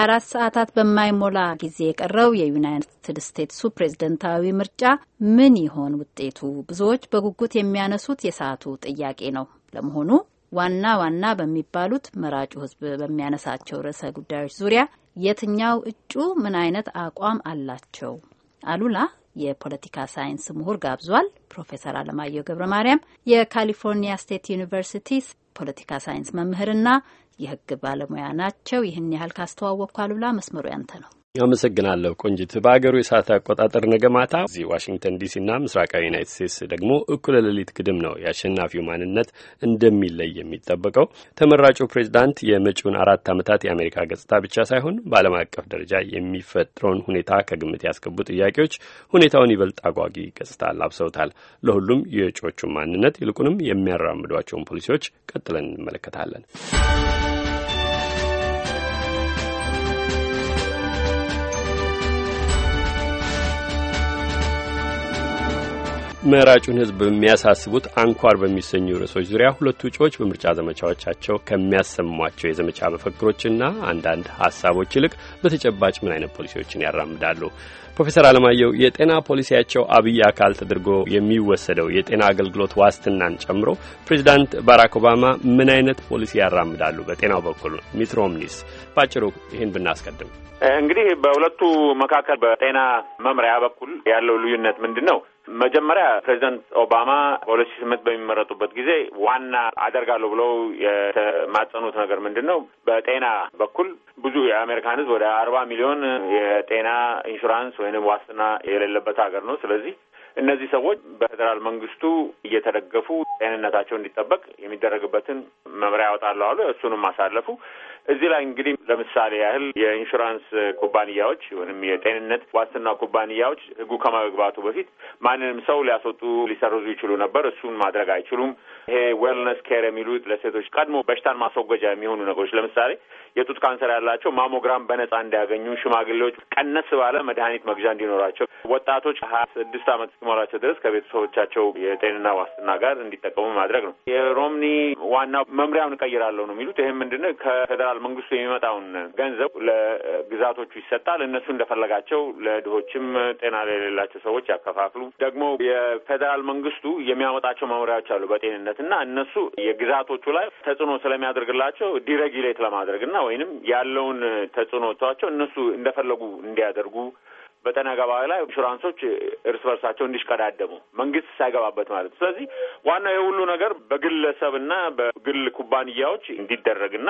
24 ሰዓታት በማይሞላ ጊዜ የቀረው የዩናይትድ ስቴትሱ ፕሬዝደንታዊ ምርጫ ምን ይሆን ውጤቱ? ብዙዎች በጉጉት የሚያነሱት የሰዓቱ ጥያቄ ነው። ለመሆኑ ዋና ዋና በሚባሉት መራጩ ሕዝብ በሚያነሳቸው ርዕሰ ጉዳዮች ዙሪያ የትኛው እጩ ምን አይነት አቋም አላቸው? አሉላ የፖለቲካ ሳይንስ ምሁር ጋብዟል። ፕሮፌሰር አለማየሁ ገብረ ማርያም የካሊፎርኒያ ስቴት ዩኒቨርሲቲ የፖለቲካ ሳይንስ መምህርና የህግ ባለሙያ ናቸው። ይህን ያህል ካስተዋወቅኩ አሉላ መስመሩ ያንተ ነው። አመሰግናለሁ ቆንጅት። በአገሩ የሰዓት አቆጣጠር ነገ ማታ እዚህ ዋሽንግተን ዲሲና ምስራቃዊ ዩናይት ስቴትስ ደግሞ እኩለ ሌሊት ግድም ነው የአሸናፊው ማንነት እንደሚለይ የሚጠበቀው። ተመራጩ ፕሬዚዳንት የመጪውን አራት ዓመታት የአሜሪካ ገጽታ ብቻ ሳይሆን በዓለም አቀፍ ደረጃ የሚፈጥረውን ሁኔታ ከግምት ያስገቡ ጥያቄዎች ሁኔታውን ይበልጥ አጓጊ ገጽታ ላብሰውታል። ለሁሉም የእጩዎቹን ማንነት ይልቁንም የሚያራምዷቸውን ፖሊሲዎች ቀጥለን እንመለከታለን። መራጩን ህዝብ በሚያሳስቡት አንኳር በሚሰኙ ርዕሶች ዙሪያ ሁለቱ እጩዎች በምርጫ ዘመቻዎቻቸው ከሚያሰሟቸው የዘመቻ መፈክሮችና አንዳንድ ሀሳቦች ይልቅ በተጨባጭ ምን አይነት ፖሊሲዎችን ያራምዳሉ? ፕሮፌሰር አለማየሁ የጤና ፖሊሲያቸው አብይ አካል ተደርጎ የሚወሰደው የጤና አገልግሎት ዋስትናን ጨምሮ ፕሬዚዳንት ባራክ ኦባማ ምን አይነት ፖሊሲ ያራምዳሉ? በጤናው በኩል ሚት ሮምኒስ ባጭሩ ይህን ብናስቀድም እንግዲህ በሁለቱ መካከል በጤና መምሪያ በኩል ያለው ልዩነት ምንድን ነው? መጀመሪያ ፕሬዚደንት ኦባማ በሁለት ሺህ ስምንት በሚመረጡበት ጊዜ ዋና አደርጋለሁ ብለው የተማጸኑት ነገር ምንድን ነው? በጤና በኩል ብዙ የአሜሪካን ሕዝብ ወደ አርባ ሚሊዮን የጤና ኢንሹራንስ ወይንም ዋስትና የሌለበት ሀገር ነው። ስለዚህ እነዚህ ሰዎች በፌዴራል መንግስቱ እየተደገፉ ጤንነታቸው እንዲጠበቅ የሚደረግበትን መምሪያ ያወጣሉ አሉ። እሱንም አሳለፉ። እዚህ ላይ እንግዲህ ለምሳሌ ያህል የኢንሹራንስ ኩባንያዎች ወይም የጤንነት ዋስትና ኩባንያዎች ህጉ ከመግባቱ በፊት ማንንም ሰው ሊያስወጡ ሊሰርዙ ይችሉ ነበር። እሱን ማድረግ አይችሉም። ይሄ ዌልነስ ኬር የሚሉት ለሴቶች ቀድሞ በሽታን ማስወገጃ የሚሆኑ ነገሮች ለምሳሌ የጡት ካንሰር ያላቸው ማሞግራም በነጻ እንዲያገኙ፣ ሽማግሌዎች ቀነስ ባለ መድኃኒት መግዣ እንዲኖራቸው፣ ወጣቶች ሀያ ስድስት ዓመት እስኪሞላቸው ድረስ ከቤተሰቦቻቸው የጤንና ዋስትና ጋር እንዲጠቀሙ ማድረግ ነው። የሮምኒ ዋና መምሪያውን እቀይራለሁ ነው የሚሉት። ይህም ምንድን ከፌዴራል መንግስቱ የሚመጣውን ገንዘብ ለግዛቶቹ ይሰጣል። እነሱ እንደፈለጋቸው ለድሆችም ጤና ለሌላቸው ሰዎች ያከፋፍሉ። ደግሞ የፌዴራል መንግስቱ የሚያወጣቸው መምሪያዎች አሉ በጤንነት እና እነሱ የግዛቶቹ ላይ ተጽዕኖ ስለሚያደርግላቸው ዲሬጊሌት ለማድረግና ወይንም ያለውን ተጽዕኖቻቸው እነሱ እንደፈለጉ እንዲያደርጉ በጠና ገበያ ላይ ኢንሹራንሶች እርስ በርሳቸው እንዲሽቀዳደሙ መንግስት ሳይገባበት ማለት ነው። ስለዚህ ዋናው የሁሉ ነገር በግለሰብና በግል ኩባንያዎች እንዲደረግና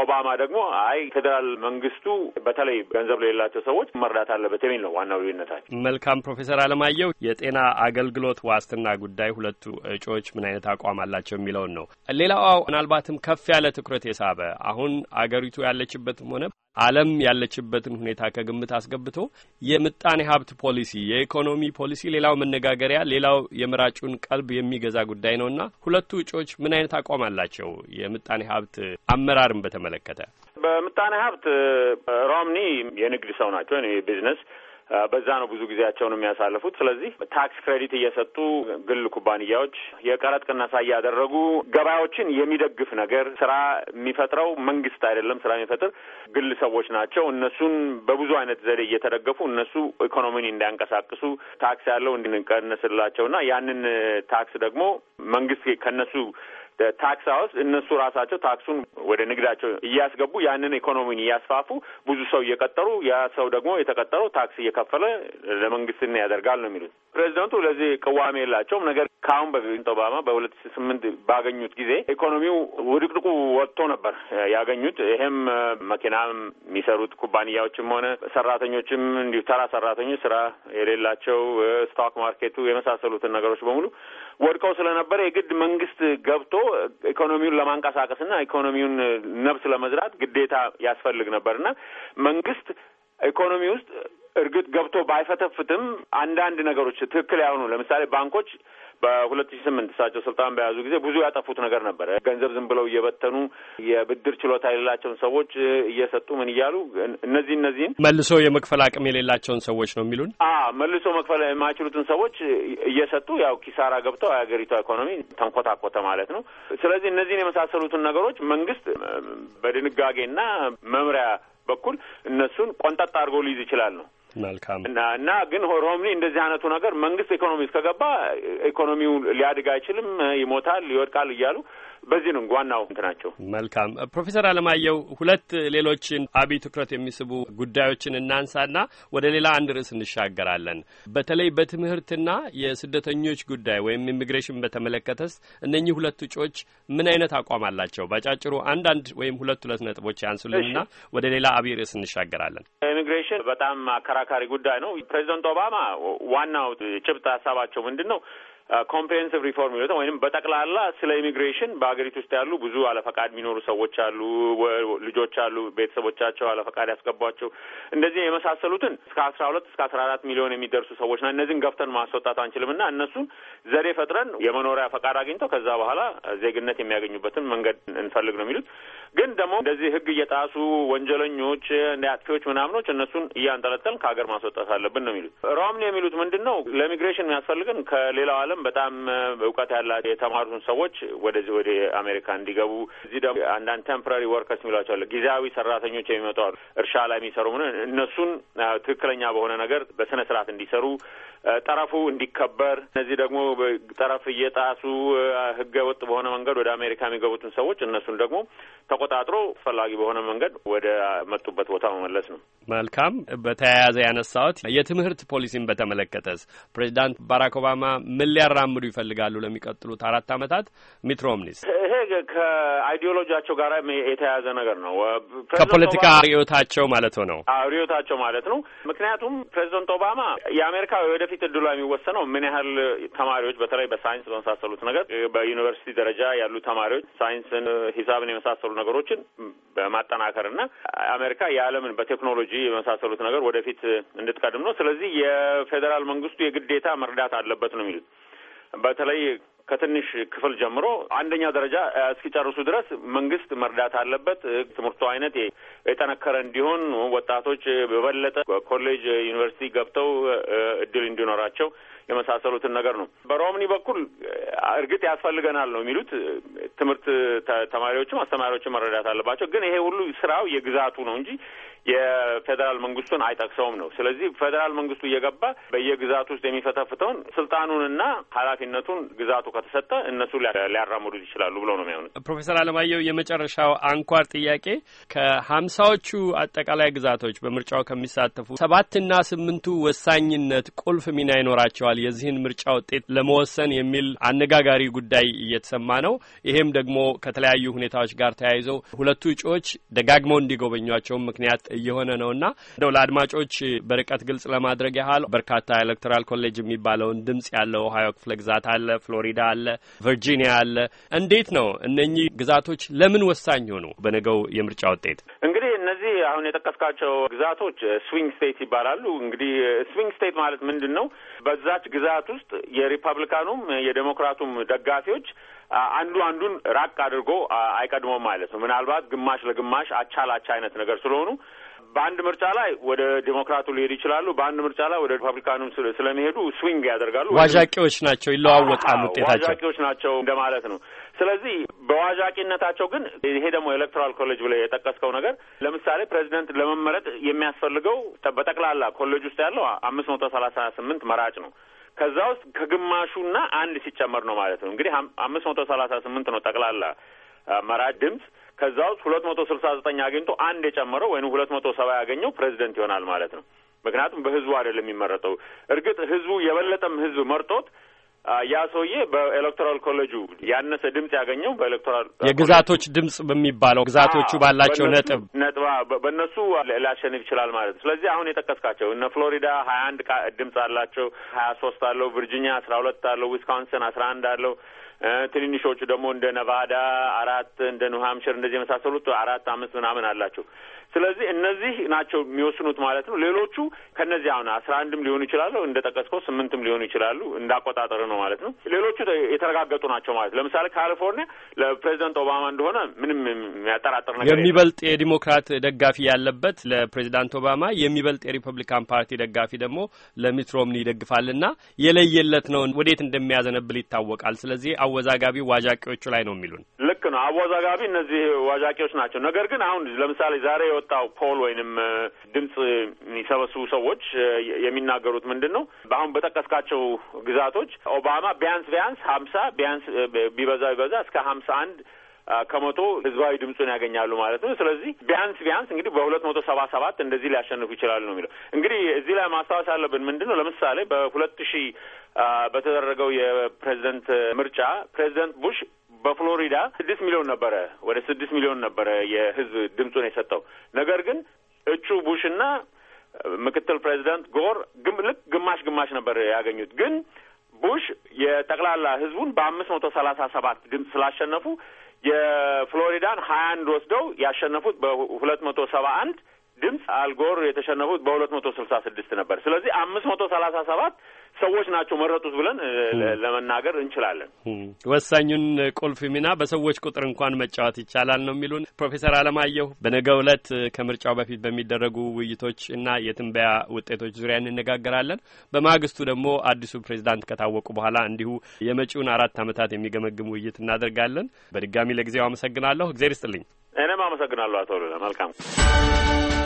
ኦባማ ደግሞ አይ ፌዴራል መንግስቱ በተለይ ገንዘብ ለሌላቸው ሰዎች መርዳት አለበት የሚል ነው ዋናው ልዩነታቸው። መልካም ፕሮፌሰር አለማየሁ የጤና አገልግሎት ዋስትና ጉዳይ ሁለቱ እጩዎች ምን አይነት አቋም አላቸው የሚለውን ነው። ሌላው ምናልባትም ከፍ ያለ ትኩረት የሳበ አሁን አገሪቱ ያለችበትም ሆነ ዓለም ያለችበትን ሁኔታ ከግምት አስገብቶ የምጣኔ ሀብት ፖሊሲ፣ የኢኮኖሚ ፖሊሲ ሌላው መነጋገሪያ፣ ሌላው የመራጩን ቀልብ የሚገዛ ጉዳይ ነውና ሁለቱ እጩዎች ምን አይነት አቋም አላቸው? የምጣኔ ሀብት አመራርን በተመለከተ በምጣኔ ሀብት ሮምኒ የንግድ ሰው ናቸው። ቢዝነስ በዛ ነው ብዙ ጊዜያቸውን የሚያሳልፉት። ስለዚህ ታክስ ክሬዲት እየሰጡ ግል ኩባንያዎች የቀረጥ ቅነሳ እያደረጉ ገበያዎችን የሚደግፍ ነገር ስራ የሚፈጥረው መንግስት አይደለም። ስራ የሚፈጥር ግል ሰዎች ናቸው። እነሱን በብዙ አይነት ዘዴ እየተደገፉ እነሱ ኢኮኖሚን እንዲያንቀሳቅሱ ታክስ ያለው እንዲቀንስላቸውና ያንን ታክስ ደግሞ መንግስት ከነሱ ታክስ ሀውስ እነሱ ራሳቸው ታክሱን ወደ ንግዳቸው እያስገቡ ያንን ኢኮኖሚን እያስፋፉ ብዙ ሰው እየቀጠሩ ያ ሰው ደግሞ የተቀጠረው ታክስ እየከፈለ ለመንግስትና ያደርጋል ነው የሚሉት ፕሬዚደንቱ። ለዚህ ቅዋሜ የላቸውም። ነገር ከአሁን በፊት ኦባማ በሁለት ሺ ስምንት ባገኙት ጊዜ ኢኮኖሚው ውድቅድቁ ወጥቶ ነበር ያገኙት። ይሄም መኪና የሚሰሩት ኩባንያዎችም ሆነ ሰራተኞችም እንዲሁ ተራ ሰራተኞች ስራ የሌላቸው ስቶክ ማርኬቱ የመሳሰሉትን ነገሮች በሙሉ ወድቀው ስለነበረ የግድ መንግስት ገብቶ ኢኮኖሚውን ለማንቀሳቀስና ኢኮኖሚውን ነብስ ለመዝራት ግዴታ ያስፈልግ ነበርና መንግስት ኢኮኖሚ ውስጥ እርግጥ ገብቶ ባይፈተፍትም አንዳንድ ነገሮች ትክክል ያሆኑ ለምሳሌ ባንኮች በሁለት ሺ ስምንት እሳቸው ስልጣን በያዙ ጊዜ ብዙ ያጠፉት ነገር ነበረ። ገንዘብ ዝም ብለው እየበተኑ የብድር ችሎታ የሌላቸውን ሰዎች እየሰጡ ምን እያሉ እነዚህ እነዚህን መልሶ የመክፈል አቅም የሌላቸውን ሰዎች ነው የሚሉን አ መልሶ መክፈል የማይችሉትን ሰዎች እየሰጡ ያው ኪሳራ ገብተው የሀገሪቷ ኢኮኖሚ ተንኮታኮተ ማለት ነው። ስለዚህ እነዚህን የመሳሰሉትን ነገሮች መንግስት በድንጋጌና መምሪያ በኩል እነሱን ቆንጠጥ አድርጎ ሊይዝ ይችላል ነው መልካም እና እና ግን ሮምኒ እንደዚህ አይነቱ ነገር መንግስት ኢኮኖሚ እስከገባ ኢኮኖሚው ሊያድግ አይችልም፣ ይሞታል፣ ይወድቃል እያሉ በዚህ ነው ዋናው ናቸው። መልካም ፕሮፌሰር አለማየሁ ሁለት ሌሎችን አብይ ትኩረት የሚስቡ ጉዳዮችን እናንሳና ወደ ሌላ አንድ ርዕስ እንሻገራለን። በተለይ በትምህርትና የስደተኞች ጉዳይ ወይም ኢሚግሬሽን በተመለከተስ እነኚህ ሁለት እጩዎች ምን አይነት አቋም አላቸው? በአጫጭሩ አንዳንድ ወይም ሁለት ሁለት ነጥቦች ያንሱልንና ወደ ሌላ አብይ ርዕስ እንሻገራለን። ኢሚግሬሽን በጣም አከራካሪ ጉዳይ ነው። ፕሬዚደንት ኦባማ ዋናው ጭብጥ ሀሳባቸው ምንድን ነው? ኮምፕሬንሲቭ ሪፎርም ይሉት ወይም በጠቅላላ ስለ ኢሚግሬሽን በሀገሪቱ ውስጥ ያሉ ብዙ አለፈቃድ የሚኖሩ ሰዎች አሉ፣ ልጆች አሉ፣ ቤተሰቦቻቸው አለፈቃድ ያስገቧቸው እንደዚህ የመሳሰሉትን እስከ አስራ ሁለት እስከ አስራ አራት ሚሊዮን የሚደርሱ ሰዎች ና እነዚህን ገፍተን ማስወጣት አንችልም ና እነሱን ዘዴ ፈጥረን የመኖሪያ ፈቃድ አግኝተው ከዛ በኋላ ዜግነት የሚያገኙበትን መንገድ እንፈልግ ነው የሚሉት። ግን ደግሞ እንደዚህ ህግ እየጣሱ ወንጀለኞች እንደ አጥፊዎች ምናምኖች እነሱን እያንጠለጠል ከሀገር ማስወጣት አለብን ነው የሚሉት። ሮምኒ የሚሉት ምንድን ነው ለኢሚግሬሽን የሚያስፈልግን ከሌላው አለም በጣም እውቀት ያላቸው የተማሩትን ሰዎች ወደዚህ ወደ አሜሪካ እንዲገቡ እዚህ ደግሞ አንዳንድ ቴምፖራሪ ወርከርስ የሚሏቸው አሉ፣ ጊዜያዊ ሰራተኞች የሚመጡ አሉ፣ እርሻ ላይ የሚሰሩ ምን እነሱን ትክክለኛ በሆነ ነገር በስነ ስርዓት እንዲሰሩ ጠረፉ እንዲከበር፣ እነዚህ ደግሞ ጠረፍ እየጣሱ ህገ ወጥ በሆነ መንገድ ወደ አሜሪካ የሚገቡትን ሰዎች እነሱን ደግሞ ተቆጣጥሮ ፈላጊ በሆነ መንገድ ወደ መጡበት ቦታ መመለስ ነው። መልካም። በተያያዘ ያነሳሁት የትምህርት ፖሊሲን በተመለከተስ ፕሬዚዳንት ባራክ ኦባማ ምን ሊያራምዱ ይፈልጋሉ ለሚቀጥሉት አራት ዓመታት ሚት ሮምኒስ? ይሄ ከአይዲዮሎጂያቸው ጋር የተያያዘ ነገር ነው። ከፖለቲካ ርዕዮታቸው ማለት ነው። ርዕዮታቸው ማለት ነው። ምክንያቱም ፕሬዚደንት ኦባማ የአሜሪካ ወደፊት እድሏ የሚወሰነው ምን ያህል ተማሪዎች በተለይ በሳይንስ በመሳሰሉት ነገር በዩኒቨርሲቲ ደረጃ ያሉ ተማሪዎች ሳይንስን፣ ሂሳብን የመሳሰሉ ነገሮችን በማጠናከር እና አሜሪካ የዓለምን በቴክኖሎጂ የመሳሰሉት ነገር ወደፊት እንድትቀድም ነው። ስለዚህ የፌዴራል መንግስቱ የግዴታ መርዳት አለበት ነው የሚሉት። በተለይ ከትንሽ ክፍል ጀምሮ አንደኛ ደረጃ እስኪጨርሱ ድረስ መንግስት መርዳት አለበት። ትምህርቱ አይነት የጠነከረ እንዲሆን ወጣቶች በበለጠ ኮሌጅ፣ ዩኒቨርሲቲ ገብተው እድል እንዲኖራቸው የመሳሰሉትን ነገር ነው። በሮምኒ በኩል እርግጥ ያስፈልገናል ነው የሚሉት ትምህርት ተማሪዎችም አስተማሪዎችም መረዳት አለባቸው። ግን ይሄ ሁሉ ስራው የግዛቱ ነው እንጂ የፌዴራል መንግስቱን አይጠቅሰውም ነው። ስለዚህ ፌዴራል መንግስቱ እየገባ በየግዛቱ ውስጥ የሚፈተፍተውን ስልጣኑንና ኃላፊነቱን ግዛቱ ከተሰጠ እነሱ ሊያራምዱት ይችላሉ ብለው ነው የሚሆኑት። ፕሮፌሰር አለማየሁ የመጨረሻው አንኳር ጥያቄ ከሀምሳዎቹ አጠቃላይ ግዛቶች በምርጫው ከሚሳተፉ ሰባትና ስምንቱ ወሳኝነት ቁልፍ ሚና ይኖራቸዋል የዚህን ምርጫ ውጤት ለመወሰን የሚል አነጋጋሪ ጉዳይ እየተሰማ ነው። ይሄም ደግሞ ከተለያዩ ሁኔታዎች ጋር ተያይዘው ሁለቱ እጩዎች ደጋግመው እንዲጎበኟቸውም ምክንያት እየሆነ ነውና እንደው ለአድማጮች በርቀት ግልጽ ለማድረግ ያህል በርካታ ኤሌክቶራል ኮሌጅ የሚባለውን ድምጽ ያለው ኦሃዮ ክፍለ ግዛት አለ፣ ፍሎሪዳ አለ፣ ቨርጂኒያ አለ። እንዴት ነው እነኚህ ግዛቶች ለምን ወሳኝ ሆኑ በነገው የምርጫ ውጤት? እነዚህ አሁን የጠቀስካቸው ግዛቶች ስዊንግ ስቴት ይባላሉ። እንግዲህ ስዊንግ ስቴት ማለት ምንድን ነው? በዛች ግዛት ውስጥ የሪፐብሊካኑም የዴሞክራቱም ደጋፊዎች አንዱ አንዱን ራቅ አድርጎ አይቀድሞም ማለት ነው። ምናልባት ግማሽ ለግማሽ አቻ ላቻ አይነት ነገር ስለሆኑ በአንድ ምርጫ ላይ ወደ ዴሞክራቱ ሊሄዱ ይችላሉ። በአንድ ምርጫ ላይ ወደ ሪፐብሊካኑም ስለሚሄዱ ስዊንግ ያደርጋሉ። ዋዣቂዎች ናቸው፣ ይለዋወጣሉ። ውጤታቸው ዋዣቂዎች ናቸው እንደማለት ነው። ስለዚህ በዋዣቂነታቸው ግን ይሄ ደግሞ ኤሌክቶራል ኮሌጅ ብለ የጠቀስከው ነገር ለምሳሌ ፕሬዚደንት ለመመረጥ የሚያስፈልገው በጠቅላላ ኮሌጅ ውስጥ ያለው አምስት መቶ ሰላሳ ስምንት መራጭ ነው። ከዛ ውስጥ ከግማሹና አንድ ሲጨመር ነው ማለት ነው። እንግዲህ አምስት መቶ ሰላሳ ስምንት ነው ጠቅላላ መራጭ ድምፅ። ከዛ ውስጥ ሁለት መቶ ስልሳ ዘጠኝ አግኝቶ አንድ የጨመረው ወይም ሁለት መቶ ሰባ ያገኘው ፕሬዚደንት ይሆናል ማለት ነው። ምክንያቱም በህዝቡ አይደለም የሚመረጠው። እርግጥ ህዝቡ የበለጠም ህዝብ መርጦት ያ ሰውዬ በኤሌክቶራል ኮሌጁ ያነሰ ድምጽ ያገኘው በኤሌክቶራል የግዛቶች ድምጽ በሚባለው ግዛቶቹ ባላቸው ነጥብ ነጥባ በእነሱ ሊያሸንፍ ይችላል ማለት ነው። ስለዚህ አሁን የጠቀስካቸው እነ ፍሎሪዳ ሀያ አንድ ድምጽ አላቸው፣ ሀያ ሶስት አለው፣ ቪርጂኒያ አስራ ሁለት አለው፣ ዊስኮንሰን አስራ አንድ አለው። ትንንሾቹ ደግሞ እንደ ነቫዳ አራት እንደ ኒውሃምሽር እንደዚህ የመሳሰሉት አራት አምስት ምናምን አላቸው። ስለዚህ እነዚህ ናቸው የሚወስኑት ማለት ነው። ሌሎቹ ከነዚህ አሁን አስራ አንድም ሊሆኑ ይችላሉ እንደ ጠቀስከው ስምንትም ሊሆኑ ይችላሉ እንዳቆጣጠር ነው ማለት ነው። ሌሎቹ የተረጋገጡ ናቸው ማለት ለምሳሌ ካሊፎርኒያ ለፕሬዚደንት ኦባማ እንደሆነ ምንም የሚያጠራጥር ነገር የሚበልጥ የዲሞክራት ደጋፊ ያለበት ለፕሬዚዳንት ኦባማ የሚበልጥ የሪፐብሊካን ፓርቲ ደጋፊ ደግሞ ለሚት ሮምኒ ይደግፋልና የለየለት ነው። ወዴት እንደሚያዘነብል ይታወቃል። ስለዚህ አወዛጋቢ ዋዣቂዎቹ ላይ ነው የሚሉን ልክ ነው። አወዛጋቢ እነዚህ ዋዣቂዎች ናቸው። ነገር ግን አሁን ለምሳሌ ዛሬ የወጣው ፖል ወይንም ድምፅ የሚሰበስቡ ሰዎች የሚናገሩት ምንድን ነው? በአሁን በጠቀስካቸው ግዛቶች ኦባማ ቢያንስ ቢያንስ ሀምሳ ቢያንስ ቢበዛ ቢበዛ እስከ ሀምሳ አንድ ከመቶ ህዝባዊ ድምፁን ያገኛሉ ማለት ነው። ስለዚህ ቢያንስ ቢያንስ እንግዲህ በሁለት መቶ ሰባ ሰባት እንደዚህ ሊያሸንፉ ይችላሉ ነው የሚለው። እንግዲህ እዚህ ላይ ማስታወስ ያለብን ምንድን ነው ለምሳሌ በሁለት ሺህ በተደረገው የፕሬዚደንት ምርጫ ፕሬዚደንት ቡሽ በፍሎሪዳ ስድስት ሚሊዮን ነበረ ወደ ስድስት ሚሊዮን ነበረ የህዝብ ድምፁን የሰጠው ነገር ግን እጩ ቡሽና ምክትል ፕሬዚዳንት ጎር ልክ ግማሽ ግማሽ ነበር ያገኙት ግን ቡሽ የጠቅላላ ህዝቡን በአምስት መቶ ሰላሳ ሰባት ድምፅ ስላሸነፉ የፍሎሪዳን ሀያ አንድ ወስደው ያሸነፉት በሁለት መቶ ሰባ አንድ ድምፅ አልጎር የተሸነፉት በሁለት መቶ ስልሳ ስድስት ነበር። ስለዚህ አምስት መቶ ሰላሳ ሰባት ሰዎች ናቸው መረጡት ብለን ለመናገር እንችላለን። ወሳኙን ቁልፍ ሚና በሰዎች ቁጥር እንኳን መጫወት ይቻላል ነው የሚሉን ፕሮፌሰር አለማየሁ። በነገ ዕለት ከምርጫው በፊት በሚደረጉ ውይይቶች እና የትንበያ ውጤቶች ዙሪያ እንነጋገራለን። በማግስቱ ደግሞ አዲሱ ፕሬዚዳንት ከታወቁ በኋላ እንዲሁ የመጪውን አራት ዓመታት የሚገመግም ውይይት እናደርጋለን። በድጋሚ ለጊዜው አመሰግናለሁ። እግዜር ይስጥልኝ። እኔም አመሰግናለሁ አቶ ሉላ መልካም